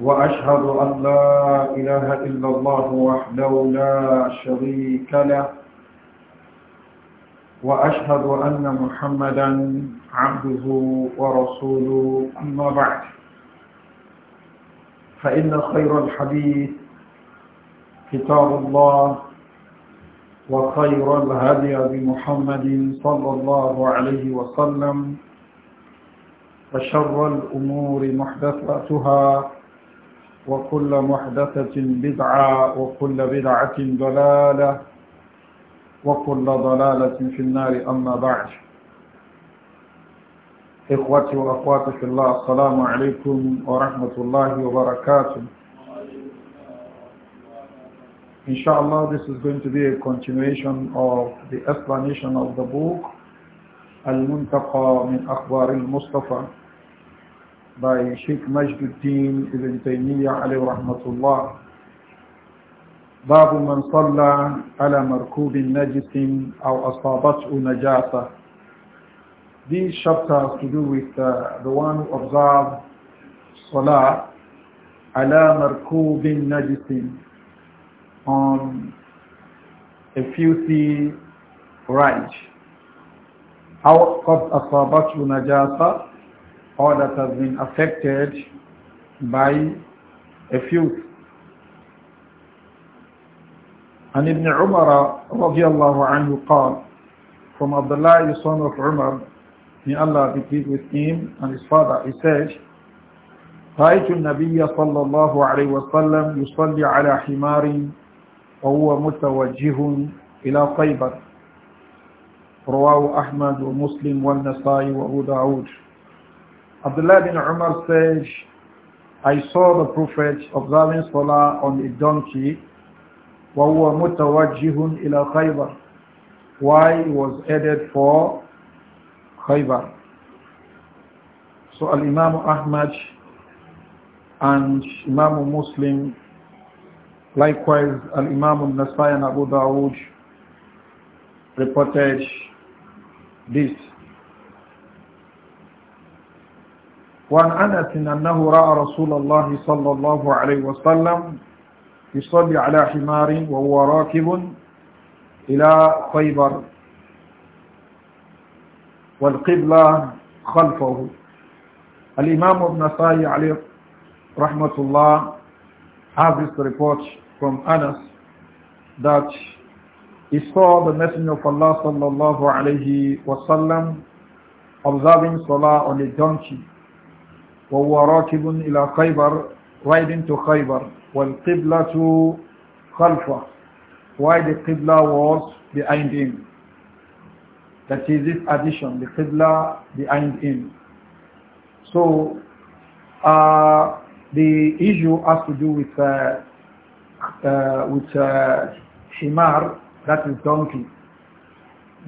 وأشهد أن لا إله إلا الله وحده لا شريك له وأشهد أن محمدا عبده ورسوله أما بعد فإن خير الحديث كتاب الله وخير الهدي بمحمد صلى الله عليه وسلم وشر الأمور محدثاتها وكل محدثة بدعة وكل بدعة ضلالة وكل ضلالة في النار أما بعد إخوتي وأخواتي في الله السلام عليكم ورحمة الله وبركاته Inshallah, this is going to be a continuation of the explanation of the book Al-Muntaqa min Akhbar al-Mustafa by Sheikh Majduddin Ibn Taymiyyah alayhi rahmatullah. باب من صلى على مركوب نجس أو أصابته نجاسة These chapters to do with uh, the one who observes Salah على مركوب نجس on a filthy ride. أو قد أصابته نجاسة or that has been affected by a few. And Ibn Umar radiallahu anhu قال from Abdullah the son of Umar may Allah be pleased with him and his father he said رأيت النبي صلى الله عليه وسلم يصلي على حمار وهو متوجه إلى خيبر رواه أحمد ومسلم والنسائي وأبو داود Abdullah bin Umar says, I saw the Prophet observing Salah on a donkey, وَهُوَ مُتَوَجِّهٌ إِلَى خَيْبَرٍ Why he was added for Khaybar. So Al-Imam Ahmad and Imam Muslim, likewise Al-Imam Nasai and Abu Dawud reported this وعن أنس أنه رأى رسول الله صلى الله عليه وسلم يصلي على حمار وهو راكب إلى خيبر والقبلة خلفه الإمام ابن ساي عليه رحمة الله have this report from Anas that he saw the messenger of Allah صلى الله عليه وسلم observing salah on a donkey وهو راكب إلى خيبر riding to Khaybar والقبلة خلفه why الْقِبْلَةُ Qibla was behind him that is this addition the Qibla behind him so uh, the issue has to do with uh, uh, with uh, Himar that is donkey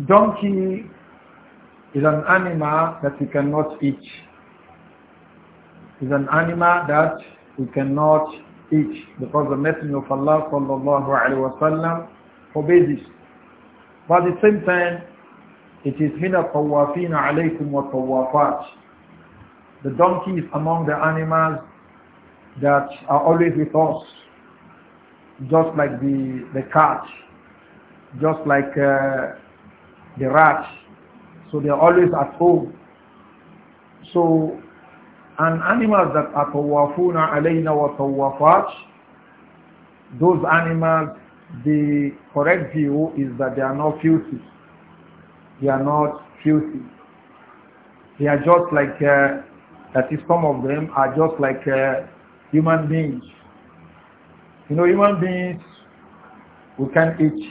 donkey is an animal that you cannot eat is an animal that we cannot eat because the Messenger of Allah sallallahu alaihi wasallam forbids it. But at the same time, it is min al-tawafin alaykum wa tawafat. The donkey is among the animals that are always with us, just like the, the cat, just like uh, the rat. So they are always at home. So and animals that are tawafuna alayna wa tawafat, those animals, the correct view is that they are not filthy. They are not filthy. They are just like, uh, that is some of them are just like uh, human beings. You know, human beings, we can eat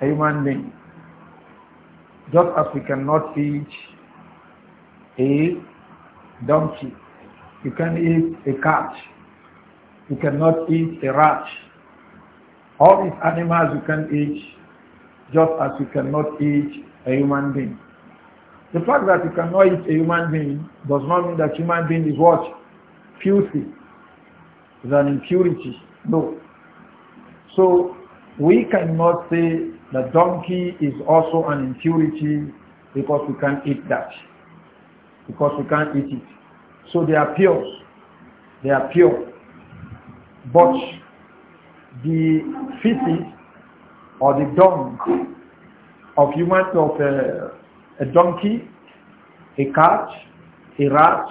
a human being. Just as we cannot eat a donkey. You can eat a cat. You cannot eat a rat. All these animals you can eat just as you cannot eat a human being. The fact that you cannot eat a human being does not mean that human being is what? Filthy. Is an impurity. No. So we cannot say the donkey is also an impurity because we can eat that because we can't eat it. So they are pure. They are pure. But the feces or the dung of human of a, uh, a donkey, a cat, a rat,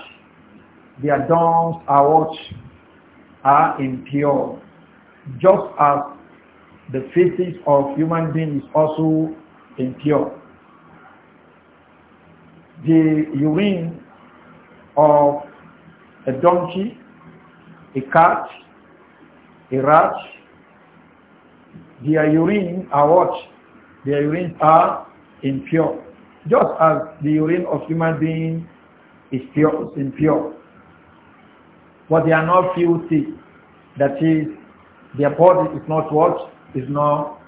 their dungs are what are impure. Just as the feces of human being is also impure the urine of a donkey, a cat, a rat, their urine are what? Their urine are impure. Just as the urine of human being is pure, is impure. But they are not filthy. That is, their body is not what? Is not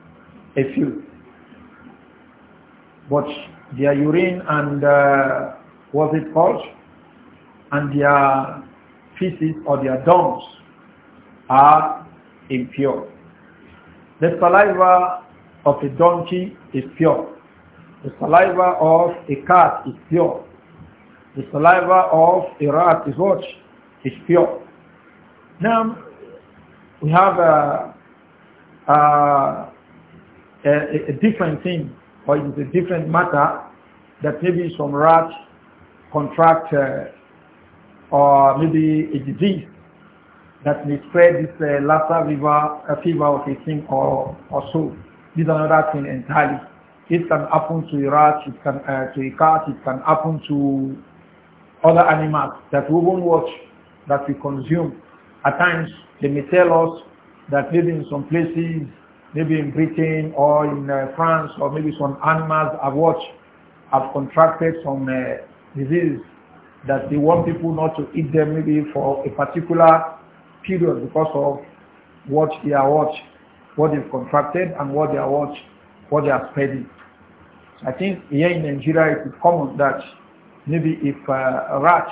a filth. But their urine and uh, what's it called? And their feces or their dumps are impure. The saliva of a donkey is pure. The saliva of a cat is pure. The saliva of a rat is what? Is pure. Now, we have a, uh, a, uh, a, a different thing or it is a different matter that maybe some rat contract uh, or maybe a disease that may spread this uh, Lassa river, uh, fever or a thing or, or so. This is another thing entirely. It can happen to a rat, it can uh, to a cat, it can happen to other animals that we won't watch, that we consume. At times, they may tell us that maybe in some places maybe in Britain or in uh, France or maybe some animals have watched, have contracted some uh, disease that they want people not to eat them maybe for a particular period because of what they are what, what they've contracted and what they are what, what they are spreading. So I think here in Nigeria it is common that maybe if uh, a rat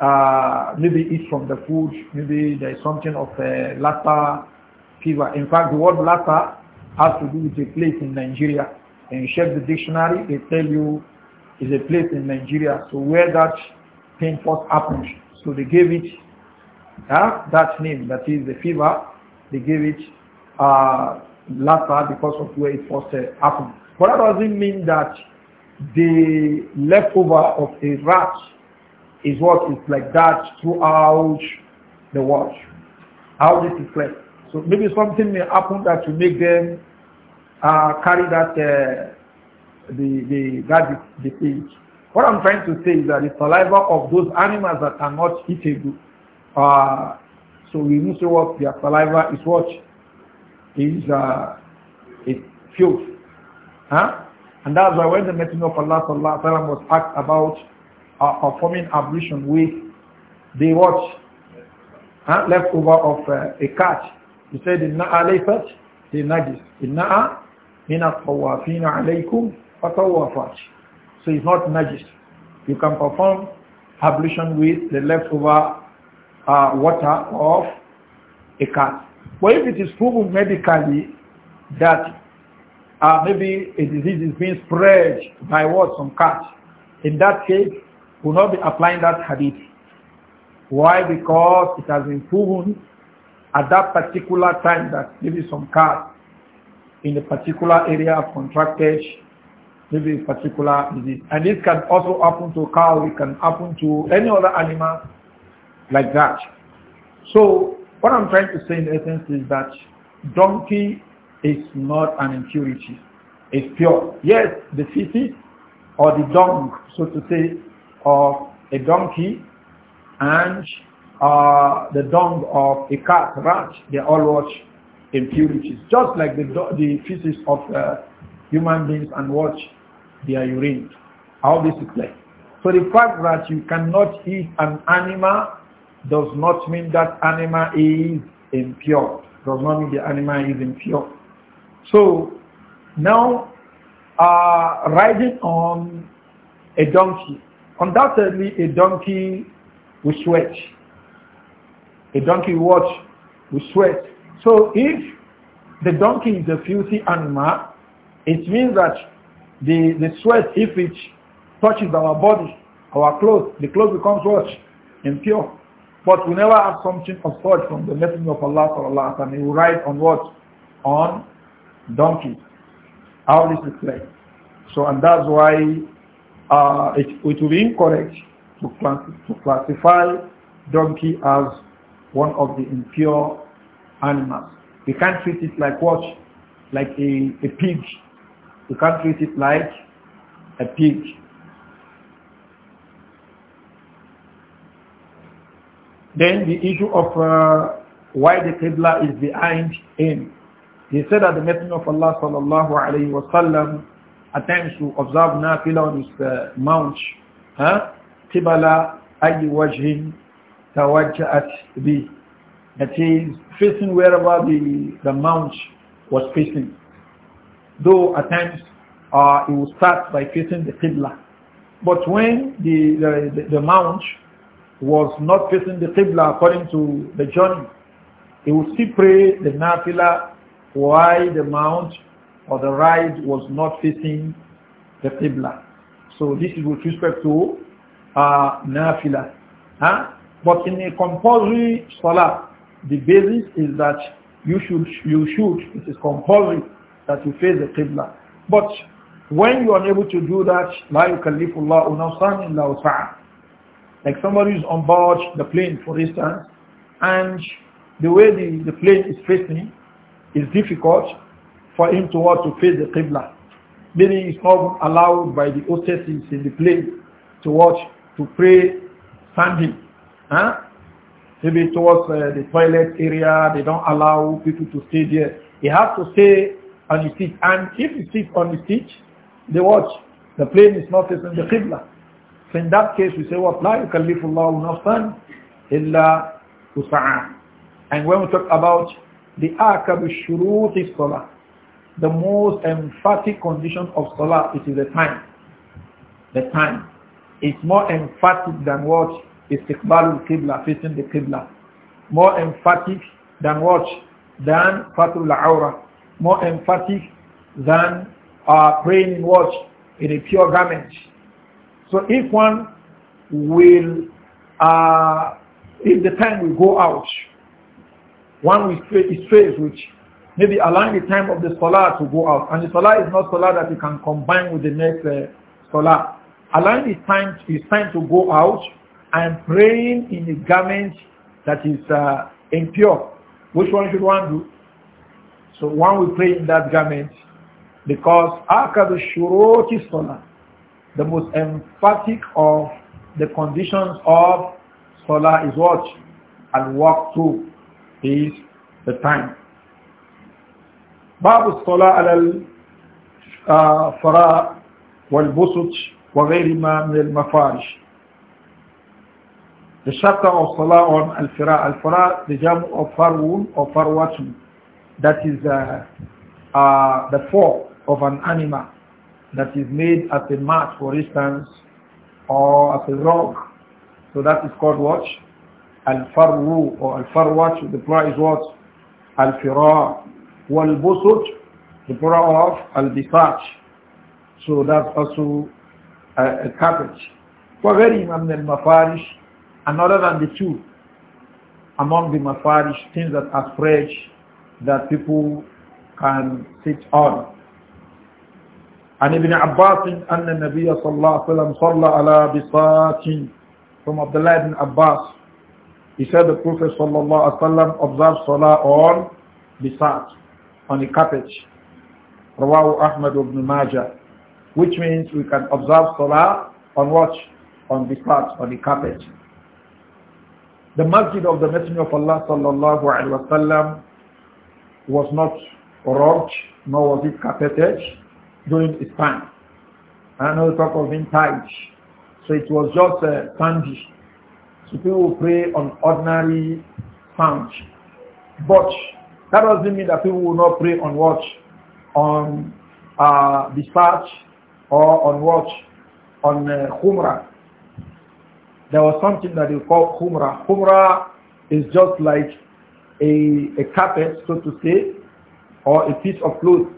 uh, maybe eats from the food, maybe there is something of a uh, fever. In fact, the word lassa has to do with a place in Nigeria. And you check the dictionary, they tell you is a place in Nigeria. So where that pain first happened. So they gave it uh, that name, that is the fever. They gave it uh, Lassa because of where it first uh, happened. But that doesn't mean that the leftover of a rat is what is like that throughout the world. How this is played. So maybe something may happen that will make them uh, carry that uh, the the that the page. What I'm trying to say is that the saliva of those animals that are not eatable, uh, so we need to what their saliva is what is uh, it fuels, huh? And that's why when the Messenger of Allah sallallahu alaihi was asked about uh, performing ablution with the what, huh? leftover of uh, a cat, he said, إِنَّهَا لَيْفَتْ لِنَجِسْ إِنَّهَا مِنَ الطَّوَّافِينَ عَلَيْكُمْ فَطَوَّفَاتْ So it's not najis. You can perform ablution with the leftover uh, water of a cat. But if it is proven medically that uh, maybe a disease is being spread by what some cats, in that case, will not be applying that hadith. Why? Because it has been proven at that particular time that maybe some cars in a particular area of contracted maybe a particular disease. And this can also happen to cow, it can happen to any other animal like that. So what I'm trying to say in essence is that donkey is not an impurity. It's pure. Yes, the fetus or the dung, so to say, of a donkey and uh, the dung of a cat, rat, they all watch impurities, just like the, the feces of uh, human beings and watch their urine. How this is like. So the fact that you cannot eat an animal does not mean that animal is impure. Does not mean the animal is impure. So now, uh, riding on a donkey. Undoubtedly, a donkey will sweat. A donkey watch with sweat. So if the donkey is a filthy animal, it means that the, the sweat, if it touches our body, our clothes, the clothes becomes what? Impure. But we never have something of sort from the Messenger of Allah sallallahu alaihi wasallam. He will ride on what? On donkey. How this is clear. So and that's why uh, it, it will be incorrect to, class, to classify donkey as one of the impure animals. We can't treat it like what? Like a, a pig. We can't treat it like a pig. Then the issue of uh, why the Qibla is behind him. He said that the Messenger of Allah sallallahu alayhi wa sallam attempts to observe nafila on his uh, mount. Huh? Qibla ayyu wajhin tawajja'at bi. That is facing wherever the, the mount was facing. Though at times uh, it will start by facing the Qibla. But when the, the, the mount was not facing the Qibla according to the journey, he would still pray the Nafila why the mount or the ride was not facing the Qibla. So this is with respect to uh, Nafila. Huh? But in a compulsory salah, the basis is that you should, you should, it is compulsory that you face the Qibla. But when you are unable to do that, la yukallifullahu nafsan illa wus'aha. Like somebody is on board the plane, for instance, and the way the, the plane is facing is difficult for him to want to face the Qibla. Meaning it's not allowed by the hostesses in the plane to watch, to pray standing. Maybe towards uh, the toilet area, they don't allow people to stay there. They have to stay on the seat. And if you sit on the seat, they watch. The plane is not facing the Qibla. So in that case, we say, what? لا يكلف الله نفسا إلا وسعها. And when we talk about the akab shurut is salah, the most emphatic condition of salah, it is the time. The time. It's more emphatic than what? istiqbalul qibla, facing the qibla. More emphatic than what? Than fatul aura. More emphatic than uh, praying in In a pure garment. So if one will, uh, if the time will go out, one will stray, strays which maybe align the time of the solar to go out. And the solar is not solar that you can combine with the next uh, salah. Allowing time, his time to go out and praying in a garment that is uh, impure. Which one should one do? So one will pray in that garment because akadu shuroti salah, the most emphatic of the conditions of salah is what? And walk through is the time. باب الصلاة على الفراء والبسط وغير min al المفارش the chapter of Salah on Al-Fira. Al-Fira, the jam of Farwun or Farwatun. That is uh, uh, the fur of an animal that is made as a mat, for instance, or as a rock. So that is called what? Al-Farwu or Al-Farwat. The plural is what? Al-Fira. Wal-Busut, the plural of Al-Bisaj. So that's also a, a carpet. وغيرهم من المفارش another than the two among the mafarish things that are fresh that people can sit on. عن ابن عباس أن النبي صلى الله عليه وسلم from Abdullah ibn Abbas he said the Prophet صلى الله Wasallam observed Salah on بساط on the carpet رواه Ahmad ibn Majah which means we can observe Salah on watch on the on the carpet the masjid of the Messenger of Allah sallallahu alaihi wasallam was not robbed, nor was it carpeted during his time. I the talk of being tied. So it was just a sandy. So people pray on ordinary sand. But that doesn't mean that people will not pray on what? On uh, dispatch or on what? On uh, Humra there was something that you call humra. Humra is just like a, a carpet, so to say, or a piece of cloth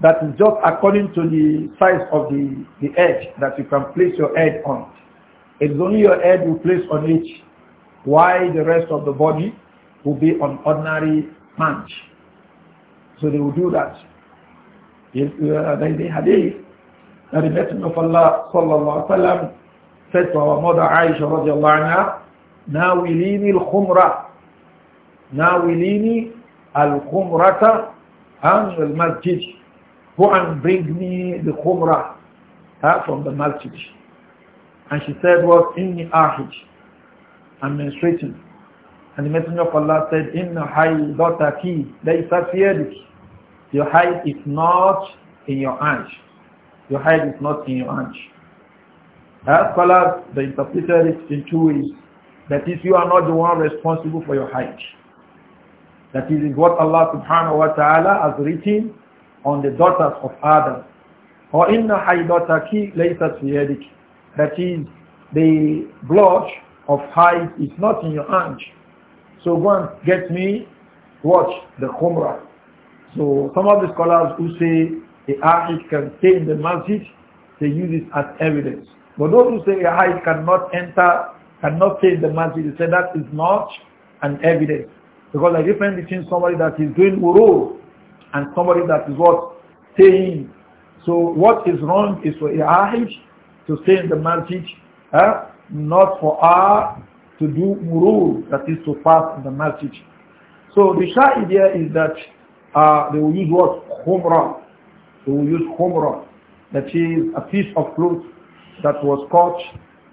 that is just according to the size of the, the edge that you can place your head on. It's only your head you place on it, while the rest of the body will be on ordinary punch. So they will do that. If, uh, they, they hadith that the Messenger of Allah sallallahu alaihi said to our mother Aisha radiallahu anha, ناوليني الخمرة ناوليني الخمرة عن المسجد Go and bring me the khumrah uh, from the masjid. And she said what? Inni ahij. I'm menstruating. And the Messenger of Allah said, Inna haydataki laysat fiyadik. Your height is not in your hands. Your height is not in your hands. Uh, scholars, they interpreted it in two ways. That is, you are not the one responsible for your Hajj. That is what Allah subhanahu wa ta'ala has written on the daughters of Adam. Or inna haidataki laysat fiyadik. That is, the blotch of height is not in your hand. So go and get me, watch the Qumrah. So some of the scholars who say the ahid can stay in the masjid, they use it as evidence. But those who say, a it cannot enter, cannot stay in the masjid, they say that is not an evidence. Because the difference between somebody that is doing wuru and somebody that is what? Staying. So what is wrong is for Ahij to stay in the masjid, eh? not for Ah to do murur, that is to pass in the masjid. So the Shah idea is that uh, they will use what? Humrah. They will use humrah, that is a piece of cloth that was caught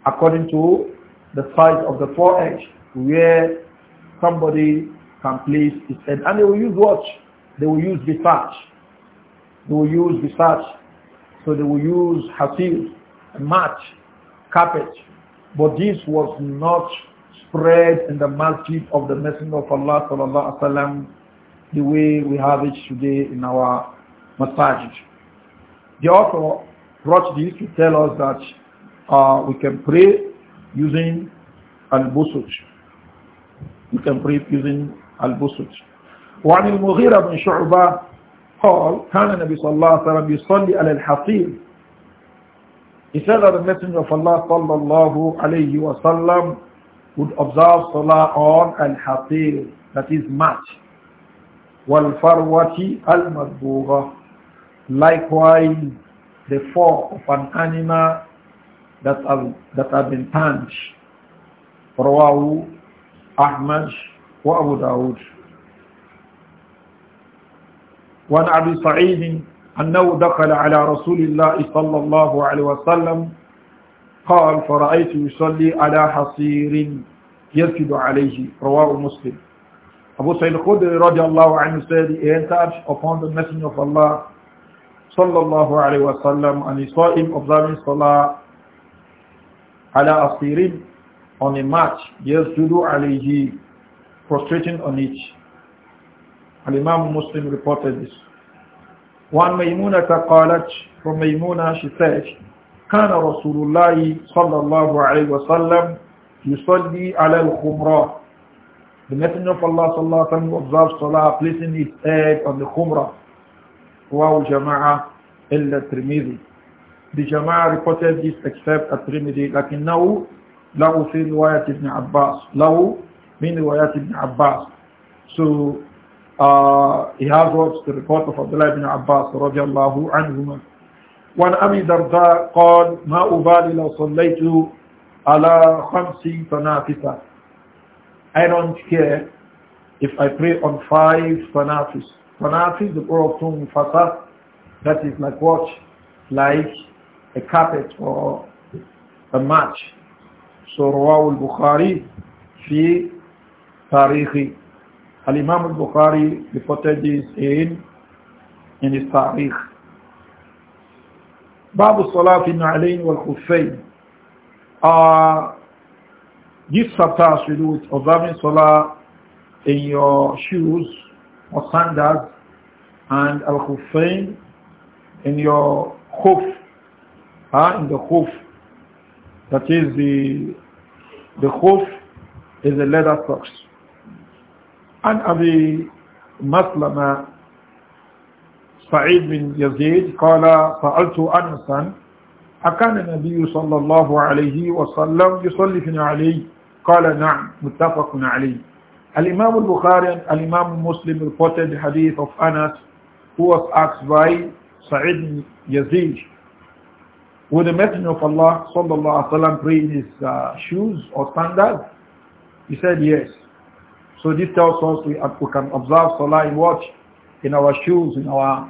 according to the size of the forehead where somebody can place his head. And they will use what? They will use dispatch. They will use dispatch. So they will use hasil, match, carpet. But this was not spread in the masjid of the Messenger of Allah sallallahu alaihi wasallam the way we have it today in our masajid. The author brought this to tell us that uh, we can pray using al-busuj. We can pray using al-busuj. وعن المغيرة بن شعبة قال كان النبي صلى الله عليه وسلم يصلي على الحصير He said that the Messenger of Allah صلى الله عليه وسلم would observe Salah on al-hatir, that is match. Wal-farwati Likewise, the four of an animal that have, that have been punched. Rawahu Ahmad wa Abu Dawud. وعن أبي سعيد أنه دخل على رسول الله صلى الله عليه وسلم قال فرأيت يصلي على حصير يسجد عليه رواه مسلم Abu Sa'id رضي الله عنه said, he entered upon the Messenger of Allah sallallahu alayhi wa sallam and he saw him observing salah ala asirin on a match, yasjudu alayhi, prostrating on it. Al-Imam Muslim reported this. One Maymuna qalat, from Maymuna she said, كان رسول الله صلى الله عليه وسلم يصلي على الخمرة. The Messenger of Allah صلى الله عليه وسلم observed salah placing his head on the khumrah. Wow Jama'a illa Trimidi. The Jama'a reported this except at Trimidi. لكنه له في رواية ابن عباس. له من رواية ابن عباس. So uh, he has what's the report of Abdullah ibn Abbas رضي الله عنهما. وعن أبي درداء قال ما أبالي لو صليت على خمس I don't care if I pray on five tanafis. Fanafi is the plural of Fasad. That is like watch, like a carpet or a match. So رواه البخاري في تاريخه. Al-Imam al-Bukhari reported this in, in his tarikh. باب الصلاة في النعلين والخفين uh, This chapter should do with observing salah in your shoes or sandals and al-khuffain in your khuf, huh? in the khuf. That is the, the khuf is a leather socks. And Abi maslama سعيد بن يزيد قال سألت أنسا أكان النبي صلى الله عليه وسلم يصلي في علي قال نعم متفق عليه Al-Imam al-Bukhari and Al-Imam Muslim reported the hadith of Anas who was asked by Sa'id Yazid "Would the Messenger of Allah sallallahu alaihi wasallam in his uh, shoes or sandals? He said yes. So this tells us we, uh, we can observe Salah in what? In our shoes, in our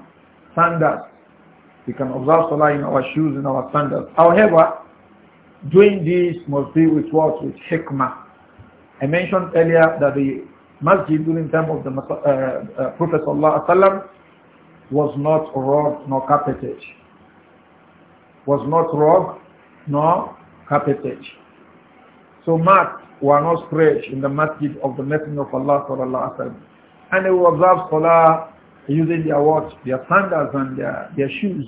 sandals. We can observe Salah in our shoes, in our sandals. However, doing this must be with what? With hikmah. I mentioned earlier that the masjid during time of the uh, uh, Prophet ﷺ was not rug nor carpeted. Was not rug, nor carpeted. So mats were not spread in the masjid of the Messenger of Allah ﷺ. And they would observe Salah using their watch, their sandals and their, their shoes.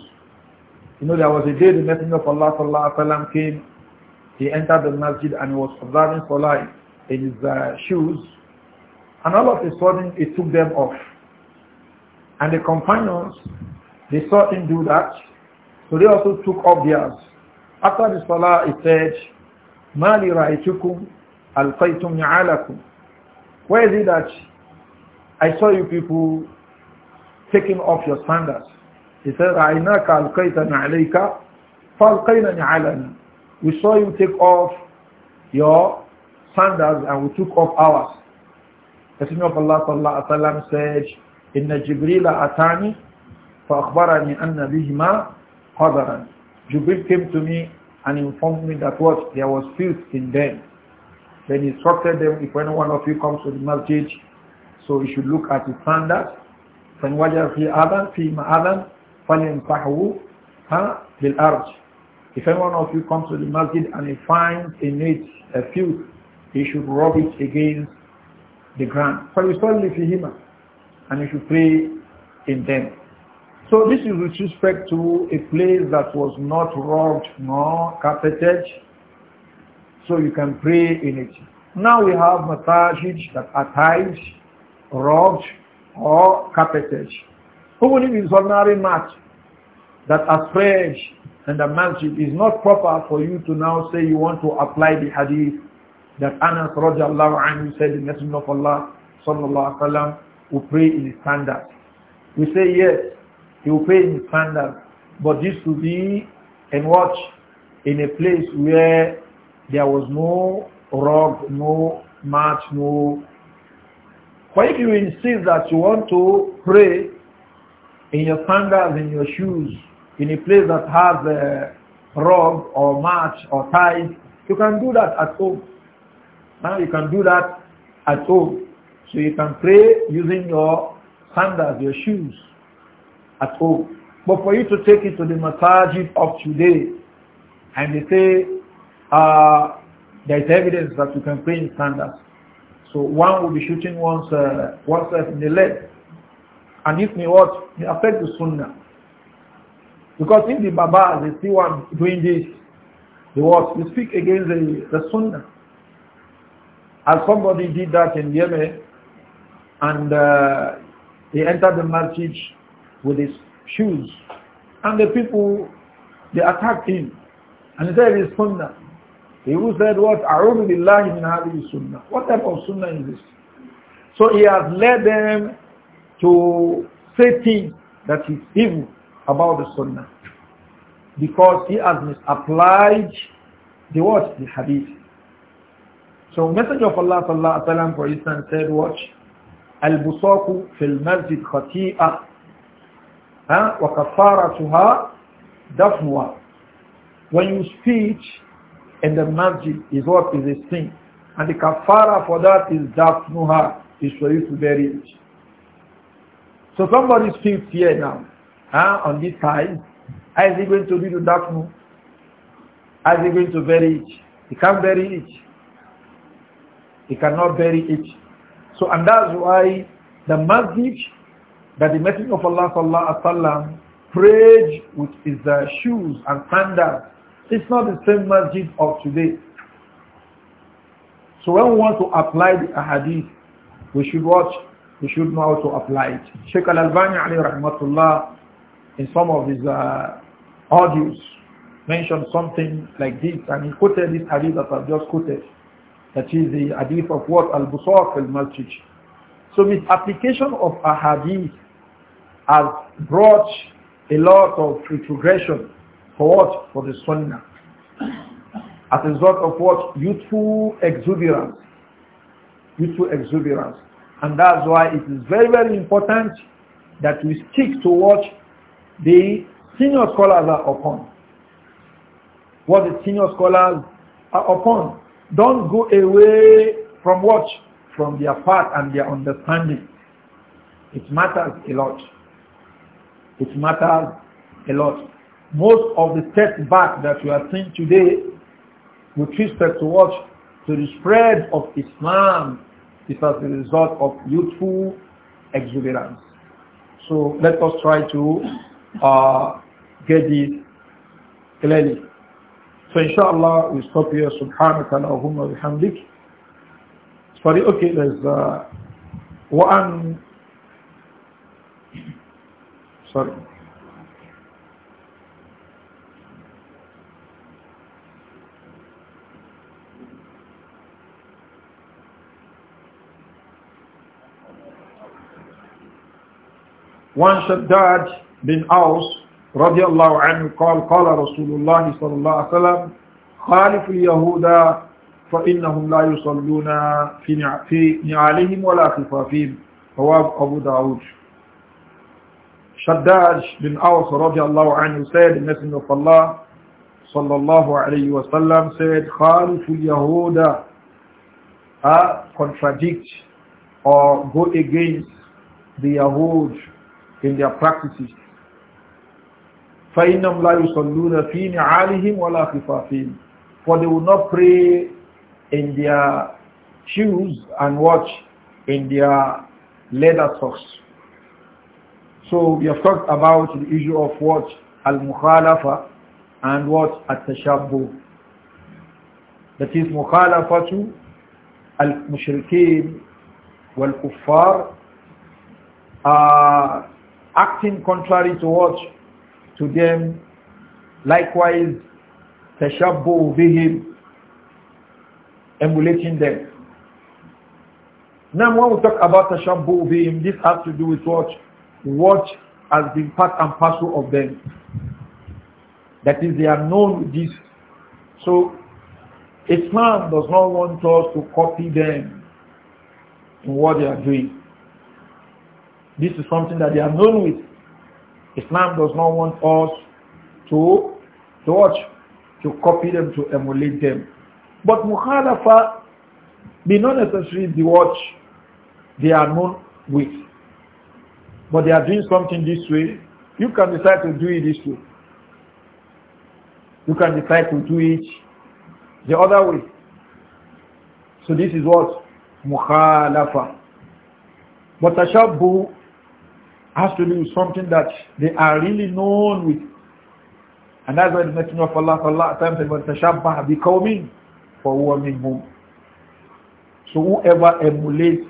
You know, there was a day the Messenger of Allah ﷺ came, he entered the masjid and he was observing Salah his uh, shoes, and all of a sudden he took them off. And the companions, they saw him do that, so they also took off theirs. After the salah, he said, مَا لِرَأَيْتُكُمْ أَلْقَيْتُمْ نِعَالَكُمْ Where is it that I saw you people taking off your sandals? He said, رَأَيْنَاكَ أَلْقَيْتَنَ عَلَيْكَ فَأَلْقَيْنَ نِعَالَنَا We saw you take off your sandals and we took off ours. The Messenger of Allah sallallahu alaihi wasallam said, "Inna Jibril atani fa akhbarani anna bihima qadaran." Jibril came to me and informed me that what there was filth in them. Then he instructed them, if any one of you comes to the masjid, so you should look at his sandals. فَإِنْ وَجَرْ فِي آذَنْ فِي مَآذَنْ فَلْيَنْفَحُوا بِالْأَرْضِ If any one of you comes to the masjid and he finds in it a filth, he should rub it against the ground. فَيُصَلِّ فِيهِمَا And he should pray in them. So this is with respect to a place that was not rubbed nor carpeted. So you can pray in it. Now we have masajid that are tied, rubbed, or carpeted. Only if it's ordinary mat that are spread and the masjid is not proper for you to now say you want to apply the hadith that Anas radiallahu anhu said the Messenger of Allah sallallahu alaihi wasallam will pray in his standard. We say yes, he will pray in his standard, but this will be and watch in a place where there was no rug, no mat, no. Why if you insist that you want to pray in your sandals, in your shoes, in a place that has a rug or mat or ties, you can do that at home. Now you can do that at home. So you can pray using your sandals, your shoes at home. But for you to take it to the Masjid of today, and they say uh, there is evidence that you can pray in sandals. So one will be shooting one's, uh, oneself in the leg. And if may what? It affect the sunnah. Because in the Baba, they see one doing this, they what? They speak against the, the sunnah. And somebody did that in Yemen, and uh, he entered the masjid with his shoes. And the people, they attacked him. And he said, it's sunnah. He who said what? A'udhu billahi min hadhihi sunnah. What type of sunnah is this? So he has led them to say things that is evil about the sunnah. Because he has misapplied the words The hadith. So Messenger of Allah sallallahu alaihi wasallam for instance said watch Al-busaku fil masjid khati'a wa kafaratuha dafwa. When you speak in the masjid is what is a sin. And the kafara for that is dafnuha, is for you to bury it. So somebody speaks here now, huh, on this side. How is he going to do the dafnu? How is he going to bury it? He can't bury it. He cannot bury it. So and that's why the masjid that the Messenger of Allah sallallahu alaihi wasallam prayed with his uh, shoes and sandals, it's not the same masjid of today. So when we want to apply the hadith, we should watch, we should know how to apply it. Sheikh Al-Albani alayhi rahmatullah in some of his uh, audios mentioned something like this and he quoted this hadith that I've just quoted. That is the hadith of what? Al-Busaq al-Maltij. So application of a hadith has brought a lot of retrogression for what? For the sunnah. As a result of what? Youthful exuberance. Youthful exuberance. And that's why it is very, very important that we stick to what the senior scholars are upon. What the senior scholars are upon. Don't go away from what? From their path and their understanding. It matters a lot. It matters a lot. Most of the setback that we are seeing today with respect to what? To the spread of Islam is as a result of youthful exuberance. So let us try to uh, get this clearly. So inshallah we stop here. Subhanaka Allahumma bihamdik. Sorry, okay, there's uh, one. Sorry. One Shaddad bin Aus رضي الله عنه قال قال رسول الله صلى الله عليه وسلم خالف اليهود فإنهم لا يصلون في نعالهم ولا خفافهم رواب أبو داود شداج بن أوس رضي الله عنه سيد النسل وفى الله صلى الله عليه وسلم سيد خالف اليهود contradict or go against the Yahud in their practices فَإِنَّمْ لَا يُصَلُّونَ فِي نِعَالِهِمْ وَلَا خِفَافِهِمْ For they will not pray in their shoes and watch in their leather socks. So we have talked about the issue of what? Al-Mukhalafa and what? At-Tashabbu. That is Mukhalafatu Al-Mushrikeen wal-Kuffar uh, acting contrary to what? to them. Likewise, tashabbu bihim, emulating them. Now when we talk about tashabbu bihim, this has to do with what? What has been part and parcel of them. That is, they are known with this. So Islam does not want us to copy them in what they are doing. This is something that they are known with. Islam does not want us to, to watch, to copy them, to emulate them. But mukhalafa may not necessarily be watch. they are known with. But they are doing something this way. You can decide to do it this way. You can decide to do it the other way. So this is what? Mukhalafa. But tashabbu has to do with something that they are really known with. And that's why the Messenger of Allah Allah times said, "Tashabbah biqawmin for warming home. So whoever emulates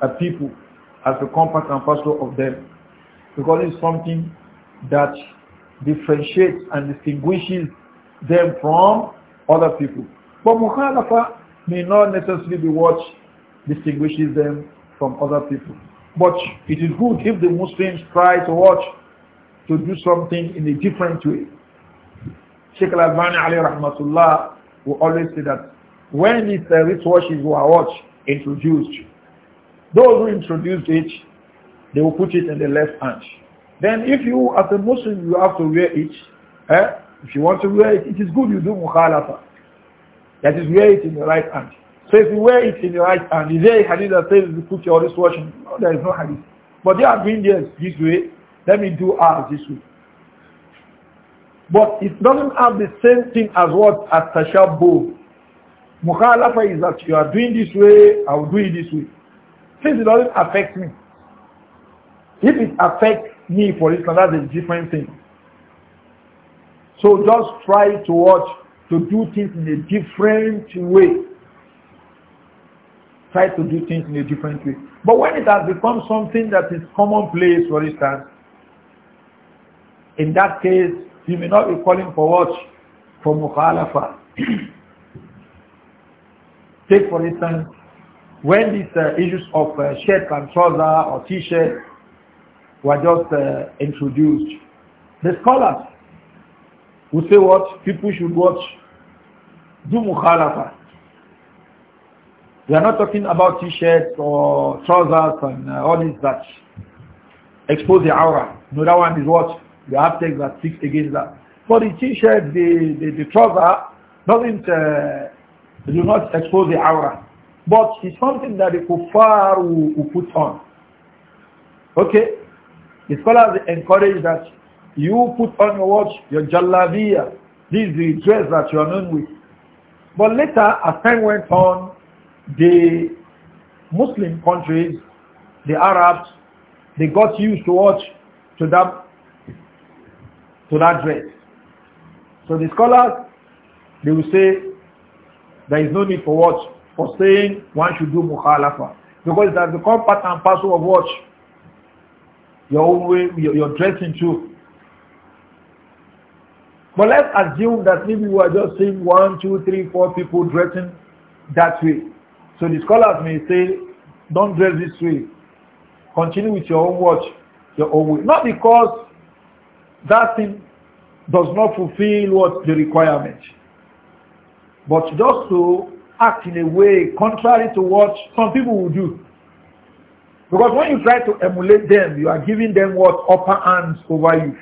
a people as a compass and pastor of them, because it's something that differentiates and distinguishes them from other people. But mukhalafa may not necessarily be what distinguishes them from other people. But it is good if the Muslims try to watch to do something in a different way. Sheikh Al-Albani alayhi rahmatullah will always say that when these uh, wristwatches were watch introduced, those who introduced it, they will put it in the left hand. Then if you, as a Muslim, you have to wear it, eh? if you want to wear it, it is good you do mukhalafa. That is wear it in the right hand. So if you wear it in your right hand, is there a hadith that says you put your wristwatch on? No, there is no hadith. But they are doing this this way. Let me do ours this way. But it doesn't have the same thing as what as tashabbu. Mukhalafa is that you are doing this way, I will do it this way. Since it doesn't affect me. If it affects me, for instance, that's a different thing. So just try to watch, to do things in a different way try to do things in a different way. But when it has become something that is commonplace, for instance, in that case, you may not be calling for what? For mukhalafa. Take for instance, when these uh, issues of uh, shirt and trouser or t-shirt were just uh, introduced, the scholars would say what? People should watch, do mukhalafa. We are not talking about t-shirts or trousers and uh, all these that expose the aura. No, that one is what? The abtext that six against that. For the t-shirt, the, the, the trouser doesn't, uh, do not expose the aura. But it's something that the kuffar will, will put on. Okay? The scholars encourage that you put on your watch, your jalabiya. This is the dress that you are known with. But later, as time went on, the Muslim countries, the Arabs, they got used to watch to that to that dress. So the scholars they will say there is no need for what for saying one should do mukhalafa because it has become part and parcel of what your own way your, your dressing too. But let's assume that maybe we are just seeing one, two, three, four people dressing that way. So the scholars may say, don't dress this way. Continue with your own watch, your own way. Not because that thing does not fulfill what the requirement, but just to act in a way contrary to what some people will do. Because when you try to emulate them, you are giving them what upper hands over you.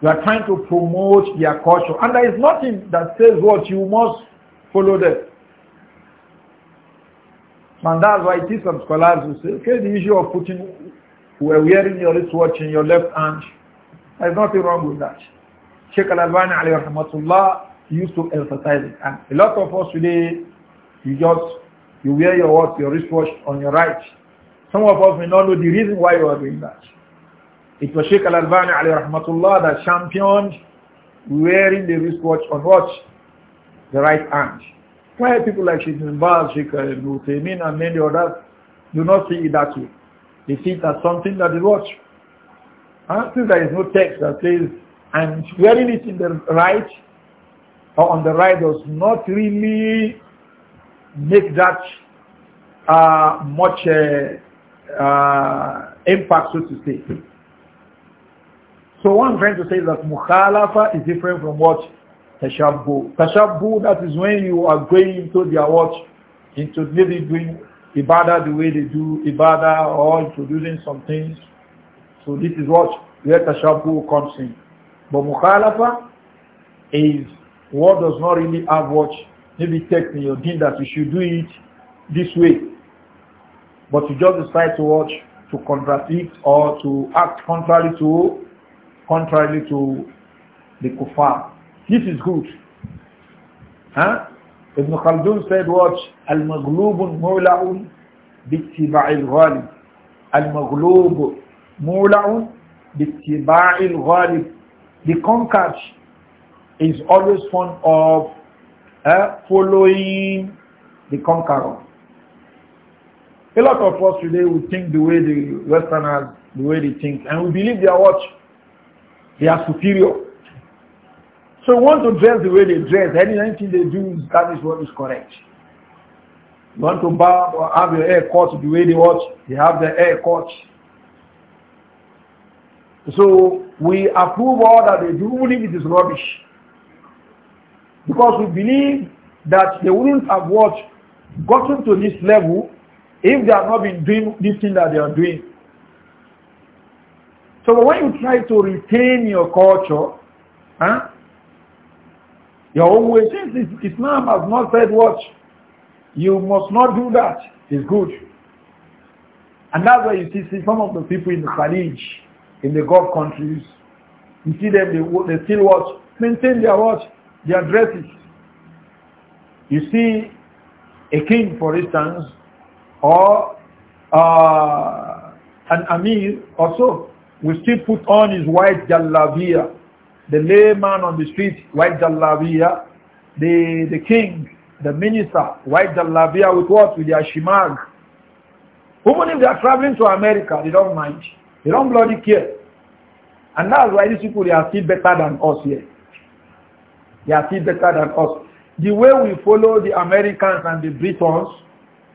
You are trying to promote their culture. And there is nothing that says what you must follow them. And that's why it is some scholars who say, okay, the issue of putting, we're wearing your wristwatch in your left hand, there's nothing wrong with that. Sheikh Al-Albani alayhi rahmatullah used to emphasize it. And a lot of us today, you just, you wear your watch, your wristwatch on your right. Some of us may not know the reason why you are doing that. It was Sheikh Al-Albani alayhi rahmatullah that championed wearing the wristwatch on watch, the right hand. Why people like Sheikh Mubaz, uh, and many others do not see it that way. They see it as something that is watch. Huh? Since there is no text that says, and wearing it in the right or on the right does not really make that uh, much uh, uh, impact, so to say. So what I'm trying to say is that mukhalafa is different from what Tashabbu. Tashabbu, that is when you are going into their watch, into maybe doing Ibadah the way they do Ibadah or introducing some things. So this is what where Tashabbu comes in. But Mukhalafa is what does not really have what maybe text in your deen that you should do it this way. But you just decide to watch, to contradict or to act contrary to contrary to the kuffar. This is good. Huh? Ibn Khaldun said, watch, Al-Maghlub Mula'un Bittiba'il Ghalib. Al-Maghlub Mula'un Bittiba'il Ghalib. The conquered is always fond of uh, following the conqueror. A lot of us today we think the way the Westerners, the way they think, and we believe they are what? They are superior. So you want to dress the way they dress. Anything they do, that is what is correct. You want to bow or have your hair cut the way they watch, they have their hair cut. So we approve all that they do, even if it is rubbish. Because we believe that they wouldn't have got gotten to this level if they have not been doing this thing that they are doing. So when you try to retain your culture, huh, your own way. Since Islam has not said "Watch, you must not do that. It's good. And that's why you see, see some of the people in the Khalij, in the Gulf countries, you see them, they, they still watch, maintain their watch, their dresses. You see a king, for instance, or uh, an amir also will still put on his white jalabiyah the layman on the street, white jalabiya, the, the king, the minister, white jalabiya with what? With their shimag. Even if they are traveling to America, they don't mind. They don't bloody care. And that's why these people, they are still better than us here. They are still better than us. The way we follow the Americans and the Britons,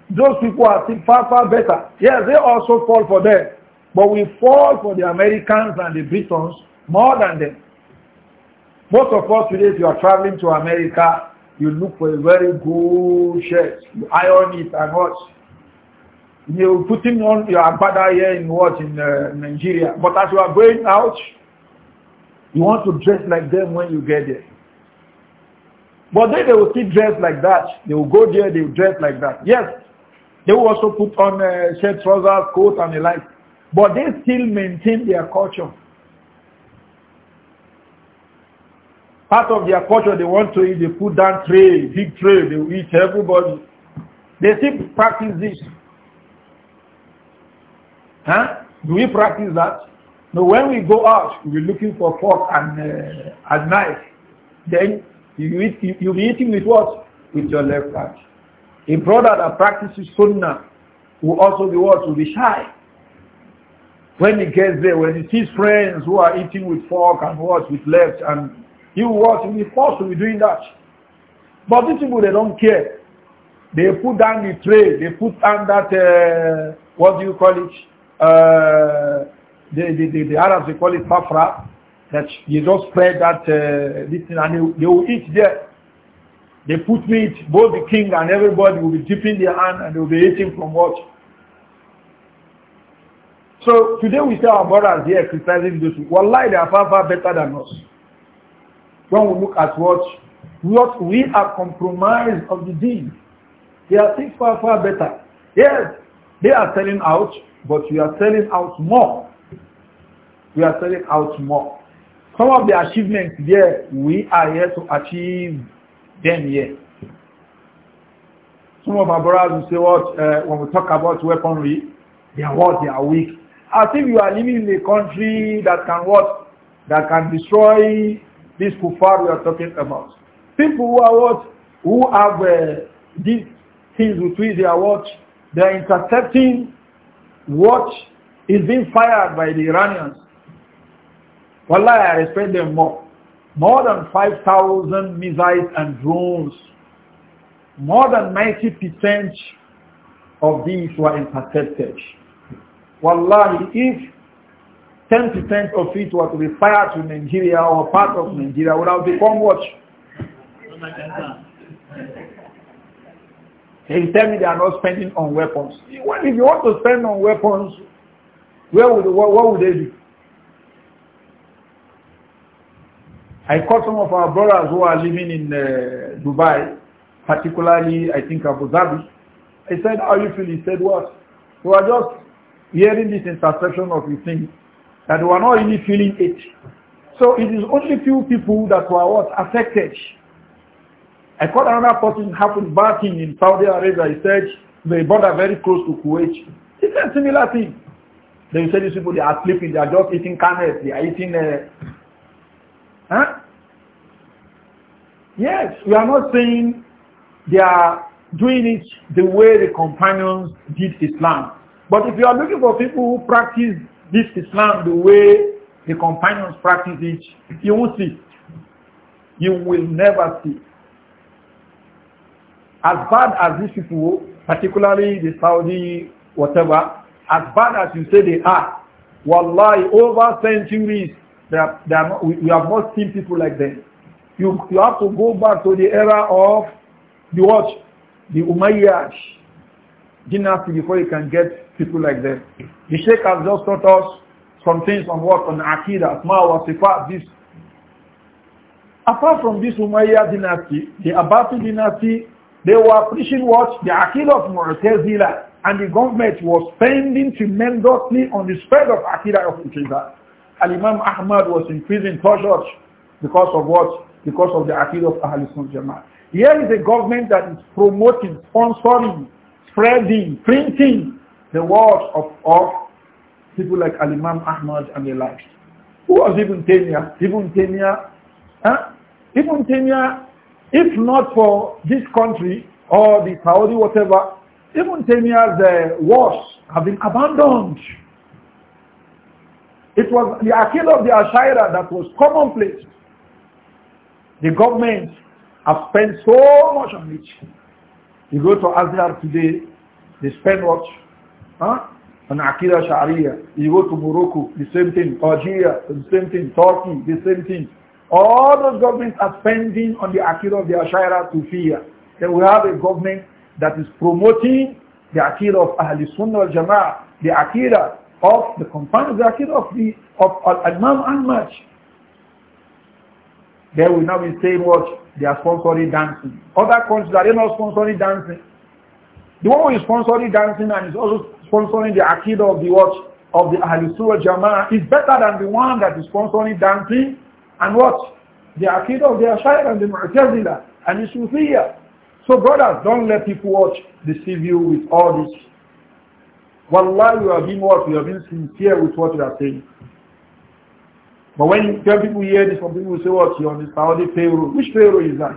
those people are still far, far better. Yes, they also fall for them. But we fall for the Americans and the Britons more than them. Most of us today, if you are traveling to America, you look for a very good shirt. You iron it and what? You put him on your agbada here in what? In uh, Nigeria. But as you are going out, you want to dress like them when you get there. But then they will still dress like that. They will go there, they will dress like that. Yes, they will also put on uh, shirt, trousers, coat and the like. But they still maintain their culture. Part of their culture, they want to eat, they put down tray, big tray, they eat everybody. They still practice this. Huh? Do we practice that? No, when we go out, we're looking for fork and, uh, and knife. Then you eat, you, you'll be eating with what? With your left hand. A brother that practices sunnah will also be what? Will be shy. When he gets there, when he sees friends who are eating with fork and what? With left and he was forced to be doing that. But these people, they don't care. They put down the tray. They put down that, uh, what do you call it? Uh, the, the, the, the, Arabs, they call it mafra. That you just spread that, uh, this thing, and they, they will eat there. They put meat, both the king and everybody will be dipping their hand and they will be eating from what? So today we see our brothers here criticizing those. Wallahi, they are far, far better than us when we look at what what we are compromised of the deed. There are things far, far better. Yes, they are selling out, but we are selling out more. We are selling out more. Some of the achievements there, we are here to achieve them here. Some of our brothers will say what, uh, when we talk about weaponry, they are what, they are weak. As if you are living in a country that can what, that can destroy these kuffar we are talking about. People who are what? Who have uh, these things with which they are what? They are intercepting what is being fired by the Iranians. Wallahi, I respect them more. More than 5,000 missiles and drones. More than 90% of these were intercepted. Wallahi, if 10% of it were to be fired to Nigeria or part of Nigeria would have become what? They tell me they are not spending on weapons. if you want to spend on weapons, where would what, what would they do? I caught some of our brothers who are living in uh, Dubai, particularly I think Abu Dhabi. I said, how you feel? He said, what? We are just hearing this interception of you thing. that were not really feeling it. So it is only few people that were what, affected. I caught another person happened back in, Saudi Arabia. He said they border very close to Kuwait. It's a similar thing. They said these people they are sleeping, they are just eating carrots, they are eating. Uh, huh? Yes, we are not saying they are doing it the way the companions did Islam. But if you are looking for people who practice this Islam the way the companions practice it, you won't see. You will never see. As bad as these people, particularly the Saudi whatever, as bad as you say they are, wallahi, over centuries, they are, they are not, we, we have not seen people like them. You, you have to go back to the era of the watch, the Umayyads, dynasty before you can get people like them. The Sheikh has just taught us some things on what? On Aqidah, Asma was Sifat, this. Apart from this Umayyad dynasty, the Abbasid dynasty, they were preaching what? The Aqidah of Mu'tazila. And the government was spending tremendously on the spread of Aqidah of Mu'tazila. Al-Imam Ahmad was in prison, tortured because of what? Because of the Aqidah of Ahl Sunnah Jama'ah. Here is a government that is promoting, sponsoring spreading, printing the words of, of people like Al-Imam Ahmad and the likes. Who was Ibn Taymiyyah? Ibn Taymiyyah, huh? Ibn Taymiyyah, if not for this country or the Saudi whatever, Ibn Taymiyyah's uh, words have been abandoned. It was the Akil of the Ashira that was commonplace. The government have spent so much on it. You go to Azhar today, they spend watch, Huh? On Akira Sharia. You go to Morocco, the same thing. Algeria, the same thing. Turkey, the same thing. All those governments are spending on the Akira of the Ashaira to fear. Then we have a government that is promoting the Akira of Ahl Sunnah al Jama'ah, the Akira of the companions, the Akira of the of Al Imam Ahmad. They will now be saying what they are sponsoring dancing. Other countries, are not sponsoring dancing. The one who is sponsoring dancing and is also sponsoring the Akidah of the watch of the alisura Surah Jama'ah is better than the one that is sponsoring dancing and what? The Akidah of the Ashair and the Mu'tazila and the Sufiyah. So brothers, don't let people watch deceive you with all this. Wallah, you have been what? You have been sincere with what you are saying. But when some people hear this, some people say, what, you're on the Saudi payroll. Which payroll is that?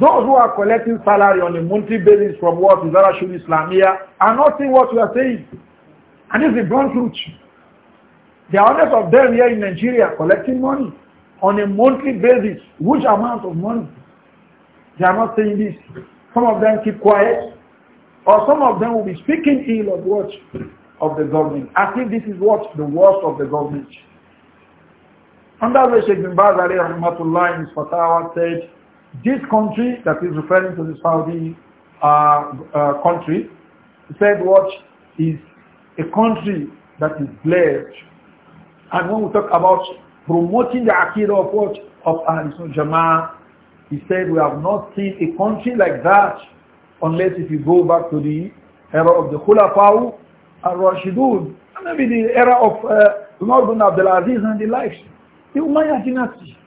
Those who are collecting salary on a monthly basis from what is Arashul Islamia are not saying what we are saying. And this is a blunt truth. There are hundreds of them here in Nigeria collecting money on a monthly basis. Which amount of money? They are not saying this. Some of them keep quiet. Or some of them will be speaking ill of what of the government. I think this is what the worst of the government. And that's why Sheikh bin Baz Ali Rahmatullah in his said, this country that is referring to the Saudi uh, uh, country, said what is a country that is blessed. And when we talk about promoting the Akira of what? Of Ahlul Jamaa, he said we have not seen a country like that unless if you go back to the era of the Khulafa'u al-Rashidun, maybe the era of uh, Umar bin Abdul Aziz and the likes, the Umayyad dynasty.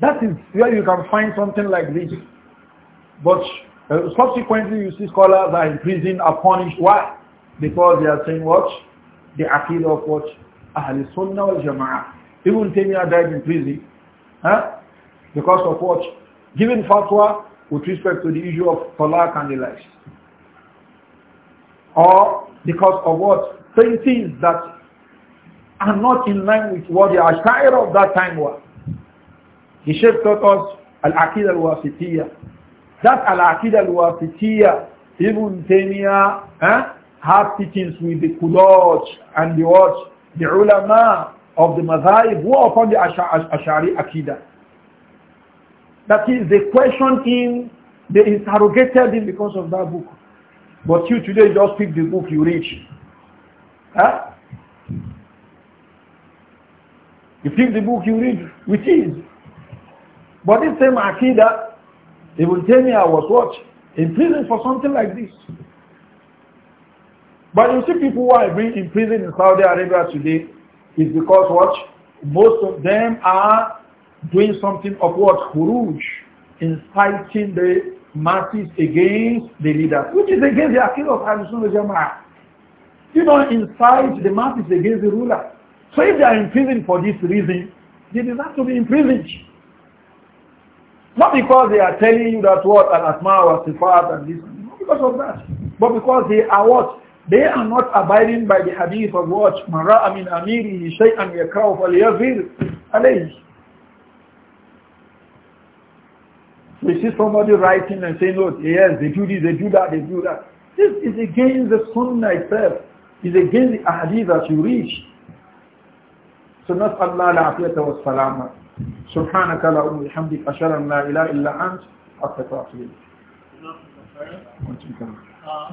That is where you can find something like this. But uh, subsequently you see scholars are imprisoned are punished. Why? Because they are saying what? The Aqidah of what? Ahl Sunnah wal Jama'ah. Even Taymiyyah died in prison. Huh? Because of what? Giving fatwa with respect to the issue of talaq and the likes or because of what? things that are not in line with what the Ash'ari of that time were. The Sheikh taught us Al-Aqid al-Wasitiyya. That Al-Aqid al-Wasitiyya, even Taymiyyah eh, had teachings with the Qudaj and the what? The ulama of the Mazahib who are upon the Ash'ari Aqidah. That is, they questioned him, they interrogated him because of that book. But you today just pick the book you read. Huh? You pick the book you read with ease. But this same Akida, me I was what? In prison for something like this. But you see people who are being in prison in Saudi Arabia today is because what? Most of them are doing something of what? Huruj, inciting the marches against the leader, which is against the Akil of Al-Sunnah Jama'ah. You don't incite the marches against the ruler. So if they are in prison for this reason, they deserve to be imprisoned. Not because they are telling you that what an asma was father and this, not because of that, but because they are what? They are not abiding by the hadith of what? Mara amin amiri shay'an yakraw falyazir alayhi. We see somebody writing and saying, look, oh, yes, they do this, they do that, they do that. This is against the sunnah itself. It's against the hadith that you reach. So not Allah la afiyata wa salama. Subhanaka لا أم الحمد أشهد أن لا إله إلا أنت أستغفرك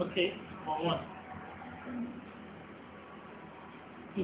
okay, for one. Hmm.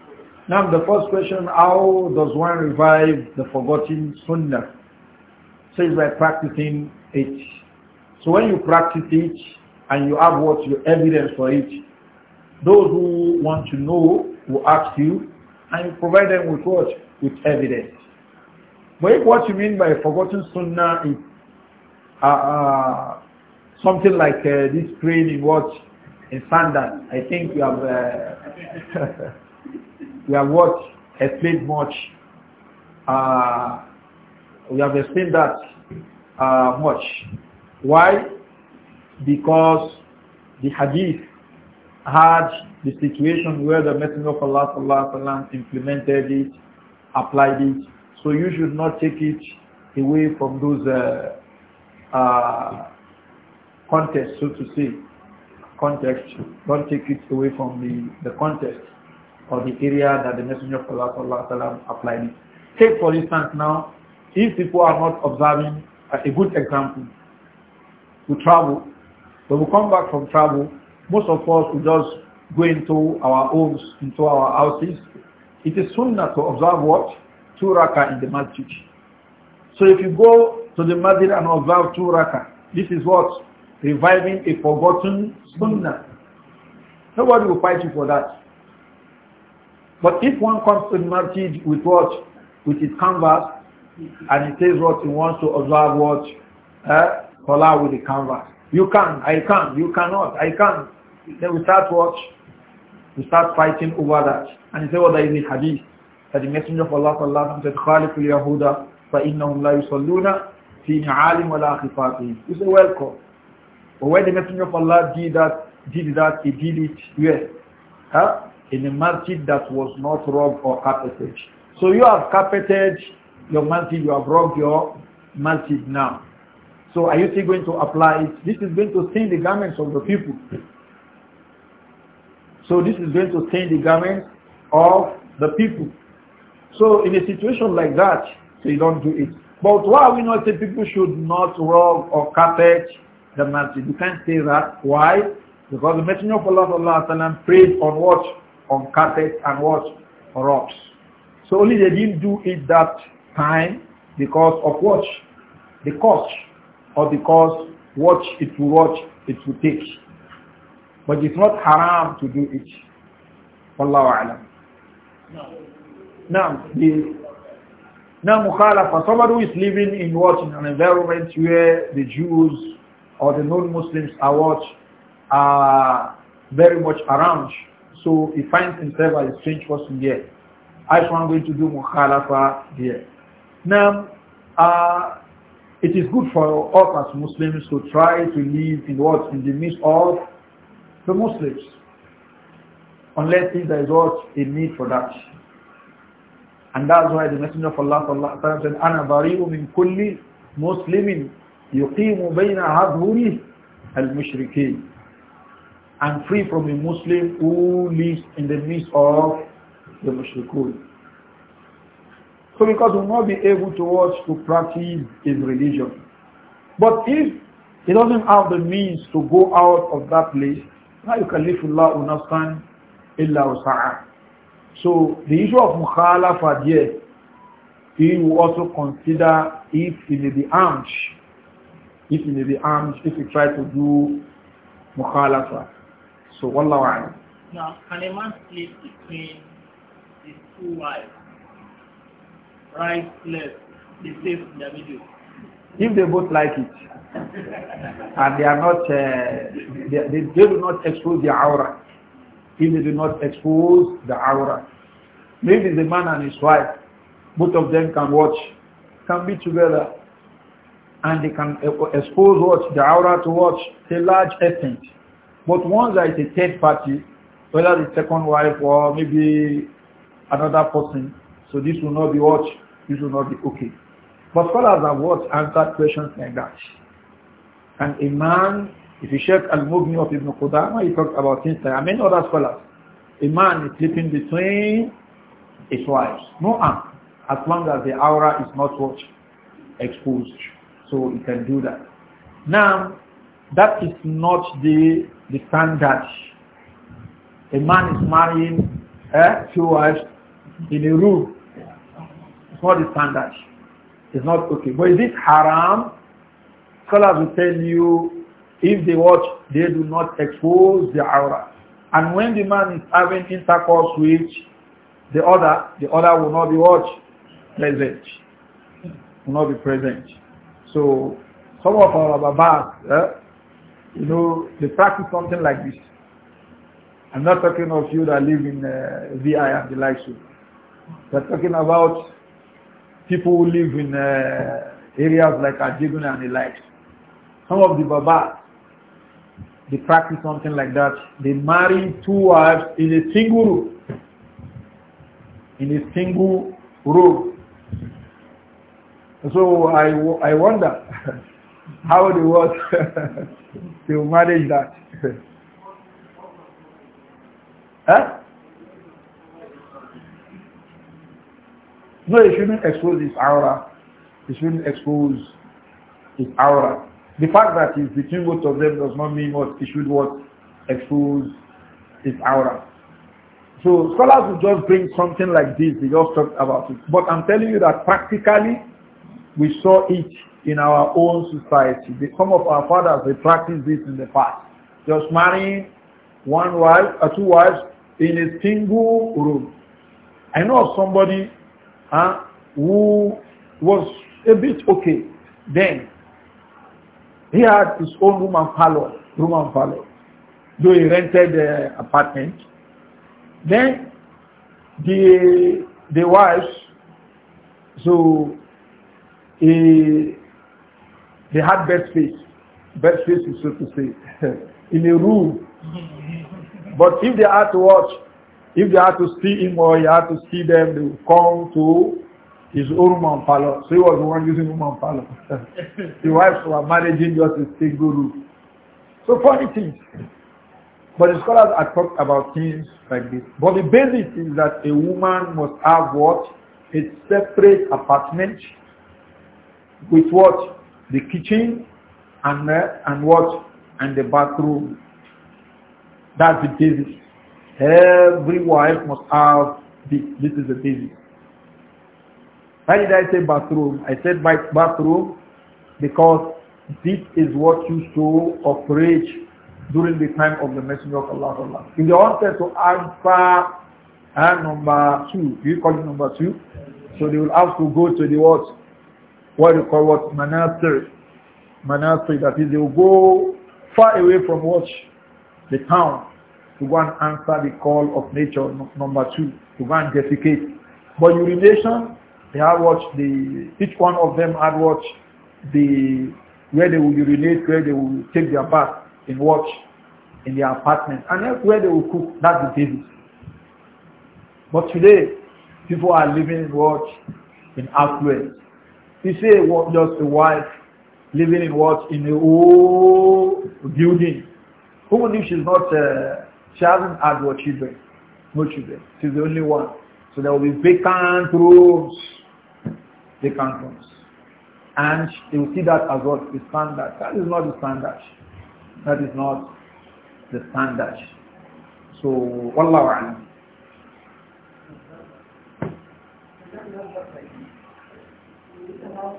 Now the first question, how does one revive the forgotten sunnah? Says by practicing it. So when you practice it and you have what your evidence for it, those who want to know will ask you and you provide them with what? With evidence. But if what you mean by forgotten sunnah is uh, uh, something like uh, this crane in what? In sandal. I think you have... Uh, we have what explained much. Uh, we have explained that uh, much. Why? Because the hadith had the situation where the Messenger of Allah وسلم, implemented it, applied it. So you should not take it away from those uh, uh, contexts, so to say. Context. Don't take it away from the, the context or the area that the Messenger of Allah sallallahu applied it. Take for instance now, if people are not observing a good example, we travel, when we come back from travel, most of us will just go into our homes, into our houses. It is sunnah to observe what? Two rakah in the masjid. So if you go to the masjid and observe two rakah, this is what? Reviving a forgotten sunnah. Nobody will fight you for that. But if one comes to the masjid with what? With his canvas, and he says what he wants to observe what? Uh, eh, with the canvas. You can, I can, you cannot, I can. Then we start what? We start fighting over that. And he said what well, there is a hadith that the Messenger of Allah sallallahu said, خَالِفُ الْيَهُودَ فَإِنَّهُمْ لَا يُصَلُّونَ فِي نِعَالٍ وَلَا خِفَاتِهِمْ You say, welcome. But when the Messenger of Allah did that, did that, he did it, yes. Huh? in a market that was not rug or carpeted. So you have carpeted your masjid, you have rubbed your masjid now. So are you still going to apply it? This is going to stain the garments of the people. So this is going to stain the garments of the people. So in a situation like that, you don't do it. But why we not that people should not rug or carpet the masjid? You can't say that. Why? Because the Messenger of Allah, Allah prayed on what? on carpet and what? Rocks. So only they didn't do it that time because of what? The cost or because what it will watch it will take. But it's not haram to do it. Wallahu alam. Now, the now mukhalafa, somebody who is living in what in an environment where the Jews or the non-Muslims are what are very much around. So he finds himself as a strange person here. I am going to do mukhalafa here? Now, uh, it is good for us as Muslims to try to live in what? In the midst of the Muslims. Unless there is what? A need for that. And that's why the Messenger of Allah said, أَنَا بَرِيءٌ مِنْ كُلِّ مُسْلِمٍ يُقِيمُ بَيْنَ al الْمُشْرِكِينَ and free from a Muslim who lives in the midst of the mushrikun. So because we will not be able to watch to practice his religion. But if he doesn't have the means to go out of that place, now you can live Allah understand, illa wasa'a. So the issue of mukhalafa here, he will also consider if he may be armed, if he may be armed, if he tries to do mukhalafa. So one a'lam. Now, can a man sleep between his two wives, right, left, the same in the middle? If they both like it, and they are not, uh, they, they, they, do not expose the aura, if they do not expose the aura, maybe the man and his wife, both of them can watch, can be together, and they can uh, expose what the aura to watch a large extent. But once there is a third party, whether the second wife or maybe another person, so this will not be watched. This will not be okay. But scholars have what? Answered questions like that. And a man, if you check Al-Mughni of Ibn Qudama, he talks about things like, and many other scholars, a man is sleeping between his wives. No harm, as long as the aura is not watched, Exposed. So he can do that. Now, that is not the the standard. A man is marrying eh, two wives in a room. It's not the standard. It's not okay. But is it haram? Scholars will tell you if they watch, they do not expose the aura. And when the man is having intercourse with the other, the other will not be watched present. Will not be present. So some of our babas, eh, you know, they practice something like this. I'm not talking of you that live in uh, VI and the like. So, We're talking about people who live in uh, areas like Ajibun and the like. Some of the Baba, they practice something like that. They marry two wives in a single room. In a single room. So I, I wonder how they you they manage that. huh? No, it shouldn't expose his aura. It shouldn't expose his aura. The fact that it's between both of them does not mean what it should what expose his aura. So scholars will just bring something like this, they just talk about it. But I'm telling you that practically we saw it in our own society. Some of our fathers, they practiced this in the past. Just marrying one wife or uh, two wives in a single room. I know of somebody huh, who was a bit okay then. He had his own room and parlor, room and parlor, though he rented the apartment. Then the the wives, so he, had bed space. Bed space so to say. in a room. But if they had to watch, if they had to see him or he had to see them, they would come to his own man palace. So he was the one using woman palace. the wives were managing just a single room. So funny things. But the scholars are talked about things like this. But the basic is that a woman must have what? A separate apartment with what? The kitchen and, uh, and what? And the bathroom. That's the basis. Every wife must have this. This is the basis. Why did I say bathroom? I said bathroom because this is what used to operate during the time of the Messenger of Allah. Allah. If they to answer and number two, do you call it number two? So they will have to go to the what? what you call what manasir, manasir, that is they will go far away from what the town to go and answer the call of nature, number two, to go and defecate. But urination, they have what the, each one of them had what the, where they will urinate, where they will take their bath, in what, in their apartment, and that's where they will cook, that's the business But today, people are living in what, in affluence. You see, what, just a wife living in what? In a old building. Even if she's not, uh, she hasn't had what children. No children. She's the only one. So there will be vacant rooms. Vacant rooms. And you will see that as what the standard. That is not the standard. That is not the standard. So, wallahu alam. Now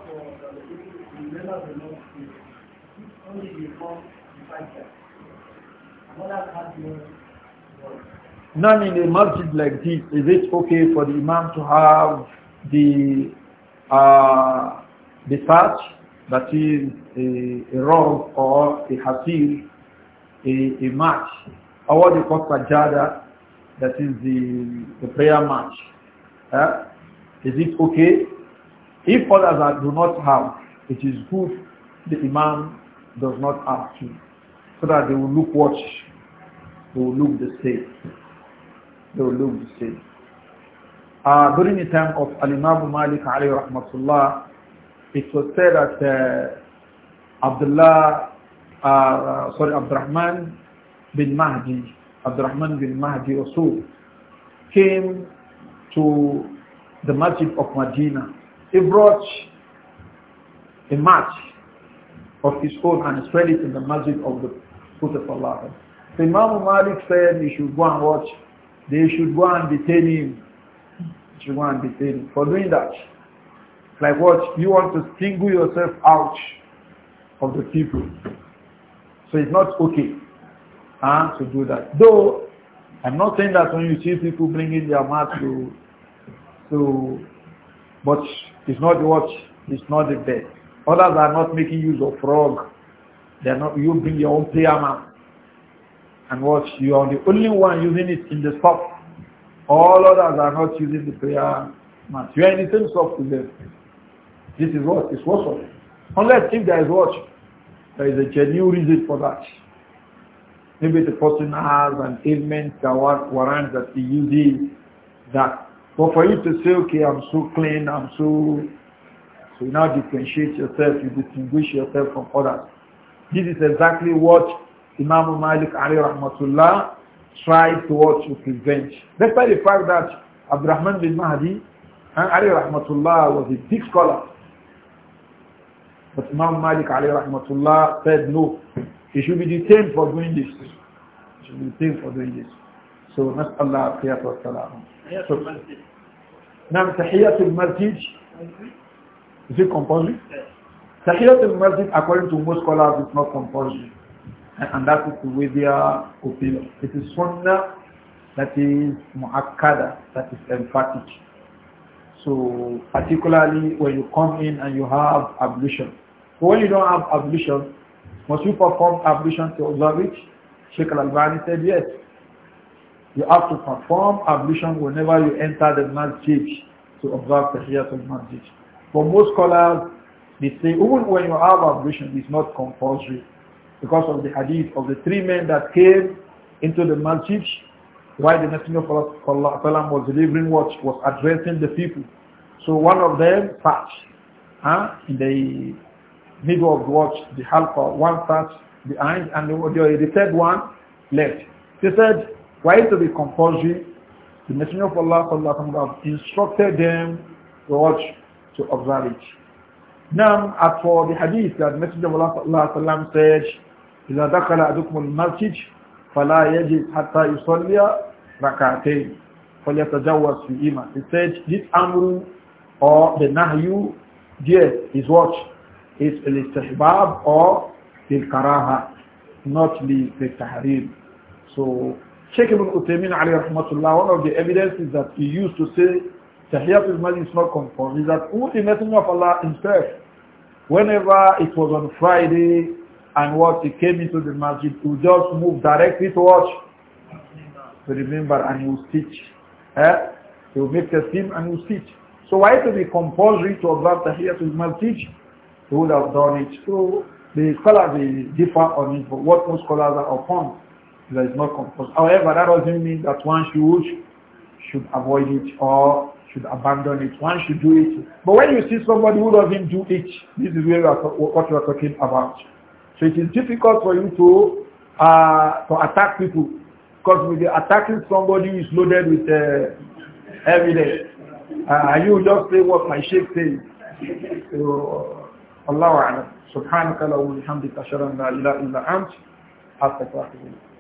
the the None in a masjid like this, is it okay for the imam to have the uh, the touch that is a, a or a hasir, a, a match, or what they call sajada, that is the, the prayer match. Uh, is it okay if others are, do not have, it is good the imam does not ask you. So that they will look what? They will look the same. They will look the same. Uh, during the time of Al-Imam Malik alayhi rahmatullah, it was said that uh, Abdullah, uh, uh sorry, Abdurrahman bin Mahdi, Abdurrahman bin Mahdi Rasul, came to the Masjid of Medina he brought a match of his own and spread it in the masjid of the Prophet of Allah. So Imam Malik said he should go and watch. They should go and detain him. They should go and detain him for doing that. like what? You want to single yourself out of the people. So it's not okay uh, to do that. Though, I'm not saying that when you see people bringing their mat to, to, but it's not the watch. It's not the bed. Others are not making use of frog. They're not, you bring your own pyjama and watch. You are the only one using it in the shop. All others are not using the prayer mat. You are in the same shop to them. This is what? It's worse of Unless if there is watch, there is a genuine reason for that. Maybe the person has an ailment that warrants that he uses that but for you to say, okay, I'm so clean, I'm so... So you now differentiate yourself, you distinguish yourself from others. This is exactly what Imam Malik Ali Rahmatullah tried to what to prevent. Despite the fact that Abdurrahman bin Mahdi and Ali Rahmatullah was a big scholar. But Imam Malik Ali Rahmatullah said no, he should be detained for doing this. He should be detained for doing this. So, Nas'Allah, Qiyat wa Salam. Now, Tahiyatul Masjid, is it compulsory? Yes. Tahiyatul Masjid, according to most scholars, is not compulsory. And that is the way they are opinion. It is sunnah that is mu'akkada, that is emphatic. So particularly when you come in and you have ablution. So when you don't have ablution, must you perform ablution to observe it? Sheikh Al-Albani said yes. You have to perform ablution whenever you enter the masjid to observe the of Masjid. For most scholars, they say even when you have ablution, it's not compulsory because of the hadith of the three men that came into the masjid while the Messenger of Allah was delivering what was addressing the people. So one of them touched huh, in the middle of the watch, the halqa, one sat behind, and the, the third one left. He said, why to be compulsory, the Messenger of Allah sallallahu instructed them to watch, to observe it. Now, as for the hadith that the Messenger of Allah sallallahu said, إِذَا دَخَلَ أَدُكْمُ الْمَسْجِدِ فَلَا يَجِدْ حَتَّى يُصَلِّيَ رَكَعَتَيْنِ فَلْيَتَجَوَّزْ فِيهِمَا He said, this amru or the nahyu, yes, is what is It's or the karaha, not the tahrim. So Sheikh Ibn Ali Rahmatullah, one of the evidences that he used to say Tahiyat al-Masjid is not conformed is that who the Messenger of Allah himself, whenever it was on Friday and what he came into the Masjid, he would just move directly to watch, to remember and he would teach. Eh? He would make the theme and he would teach. So why to be compulsory to observe Tahiyat al-Masjid? He would have done it. So the scholars differ on it, but what most scholars are upon that is not compulsory. However, that doesn't mean that one should should avoid it or should abandon it. One should do it. But when you see somebody who doesn't do it, this is where what we are talking about. So it is difficult for you to uh, to attack people because with attacking somebody who is loaded with uh, evidence, uh, you just say what my sheikh says. So, Allah سبحانك اللهم وبحمدك اشهد ان لا اله الا انت استغفرك